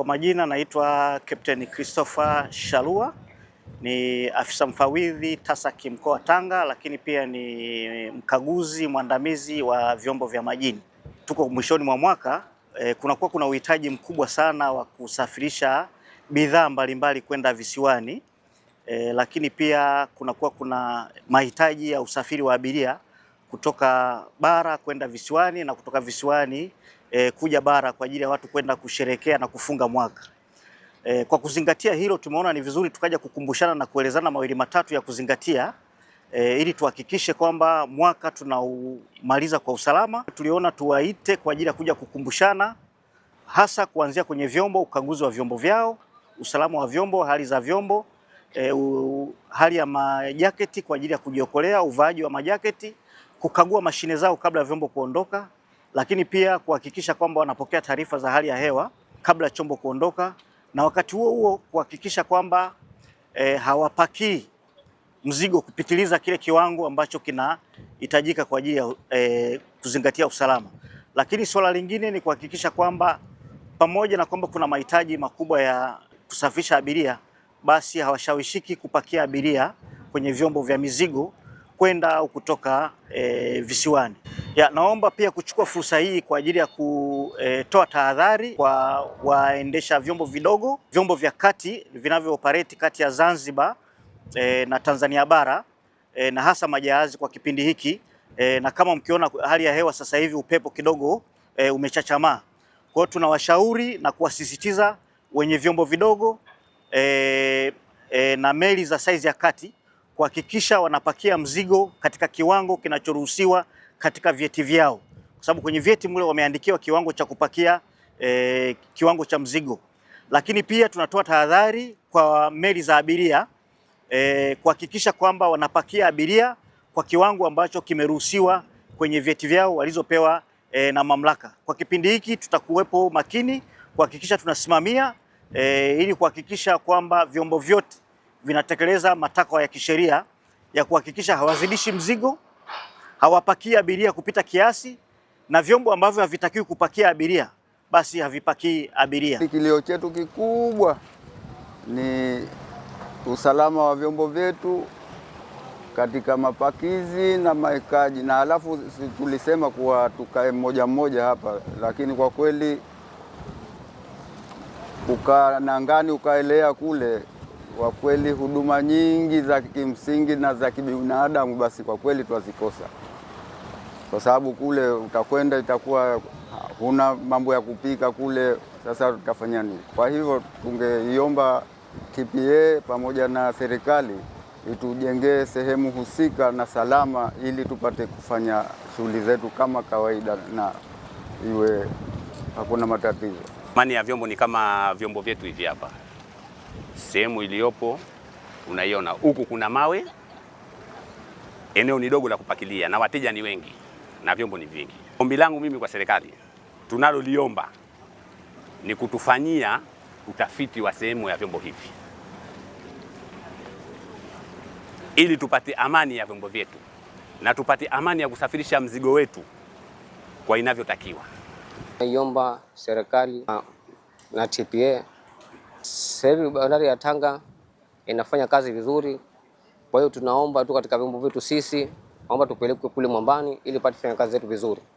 Kwa majina naitwa Captain Christopher Shalua, ni afisa mfawidhi TASAKI mkoa wa Tanga, lakini pia ni mkaguzi mwandamizi wa vyombo vya majini. Tuko mwishoni mwa mwaka e, kunakuwa kuna uhitaji mkubwa sana wa kusafirisha bidhaa mbalimbali kwenda visiwani e, lakini pia kunakuwa kuna mahitaji ya usafiri wa abiria kutoka bara kwenda visiwani na kutoka visiwani e, kuja bara kwa ajili ya watu kwenda kusherekea na kufunga mwaka. E, kwa kuzingatia hilo tumeona ni vizuri tukaja kukumbushana na kuelezana mawili matatu ya kuzingatia e, ili tuhakikishe kwamba mwaka tunaumaliza kwa usalama. Tuliona tuwaite kwa ajili ya kuja kukumbushana hasa kuanzia kwenye vyombo, ukaguzi wa vyombo vyao, usalama wa vyombo, hali za vyombo E, u, hali ya majaketi kwa ajili ya kujiokolea, uvaaji wa majaketi, kukagua mashine zao kabla ya vyombo kuondoka lakini pia kuhakikisha kwamba wanapokea taarifa za hali ya hewa kabla ya chombo kuondoka, na wakati huo huo kuhakikisha kwamba e, hawapakii mzigo kupitiliza kile kiwango ambacho kinahitajika kwa ajili ya e, kuzingatia usalama. Lakini suala lingine ni kuhakikisha kwamba pamoja na kwamba kuna mahitaji makubwa ya kusafisha abiria, basi hawashawishiki kupakia abiria kwenye vyombo vya mizigo kwenda au kutoka e, visiwani. Ya, naomba pia kuchukua fursa hii kwa ajili ya kutoa tahadhari kwa waendesha vyombo vidogo, vyombo vya kati vinavyooperate kati ya Zanzibar e, na Tanzania bara e, na hasa majahazi kwa kipindi hiki e, na kama mkiona hali ya hewa sasa hivi upepo kidogo e, umechachamaa. Kwa hiyo tunawashauri na kuwasisitiza wenye vyombo vidogo e, e, na meli za saizi ya kati kuhakikisha wanapakia mzigo katika kiwango kinachoruhusiwa katika vyeti vyao, kwa sababu kwenye vyeti mle wameandikiwa kiwango cha kupakia e, kiwango cha mzigo. Lakini pia tunatoa tahadhari kwa meli za abiria e, kuhakikisha kwamba wanapakia abiria kwa kiwango ambacho kimeruhusiwa kwenye vyeti vyao walizopewa e, na mamlaka. Kwa kipindi hiki tutakuwepo makini kuhakikisha tunasimamia e, ili kuhakikisha kwamba vyombo vyote vinatekeleza matakwa ya kisheria ya kuhakikisha hawazidishi mzigo hawapakii abiria kupita kiasi na vyombo ambavyo havitakiwi kupakia abiria basi havipakii abiria. Kilio chetu kikubwa ni usalama wa vyombo vyetu katika mapakizi na maekaji, na alafu tulisema kuwa tukae mmoja mmoja hapa, lakini kwa kweli ukaa nangani ukaelea kule, kwa kweli huduma nyingi za kimsingi na za kibinadamu basi kwa kweli twazikosa kwa sababu kule utakwenda itakuwa huna mambo ya kupika kule, sasa tutafanya nini? Kwa hivyo tungeiomba TPA pamoja na serikali itujengee sehemu husika na salama, ili tupate kufanya shughuli zetu kama kawaida na iwe hakuna matatizo. Thamani ya vyombo ni kama vyombo vyetu hivi hapa, sehemu iliyopo unaiona, huku kuna mawe, eneo ni dogo la kupakilia na wateja ni wengi na vyombo ni vingi. Ombi langu mimi kwa serikali tunaloliomba ni kutufanyia utafiti wa sehemu ya vyombo hivi ili tupate amani ya vyombo vyetu na tupate amani ya kusafirisha mzigo wetu kwa inavyotakiwa. Naiomba serikali na TPA. sehemu bandari ya Tanga inafanya kazi vizuri, kwa hiyo tunaomba tu katika vyombo vyetu sisi naomba tupeleke kule Mwambani ili pate fanya kazi zetu vizuri.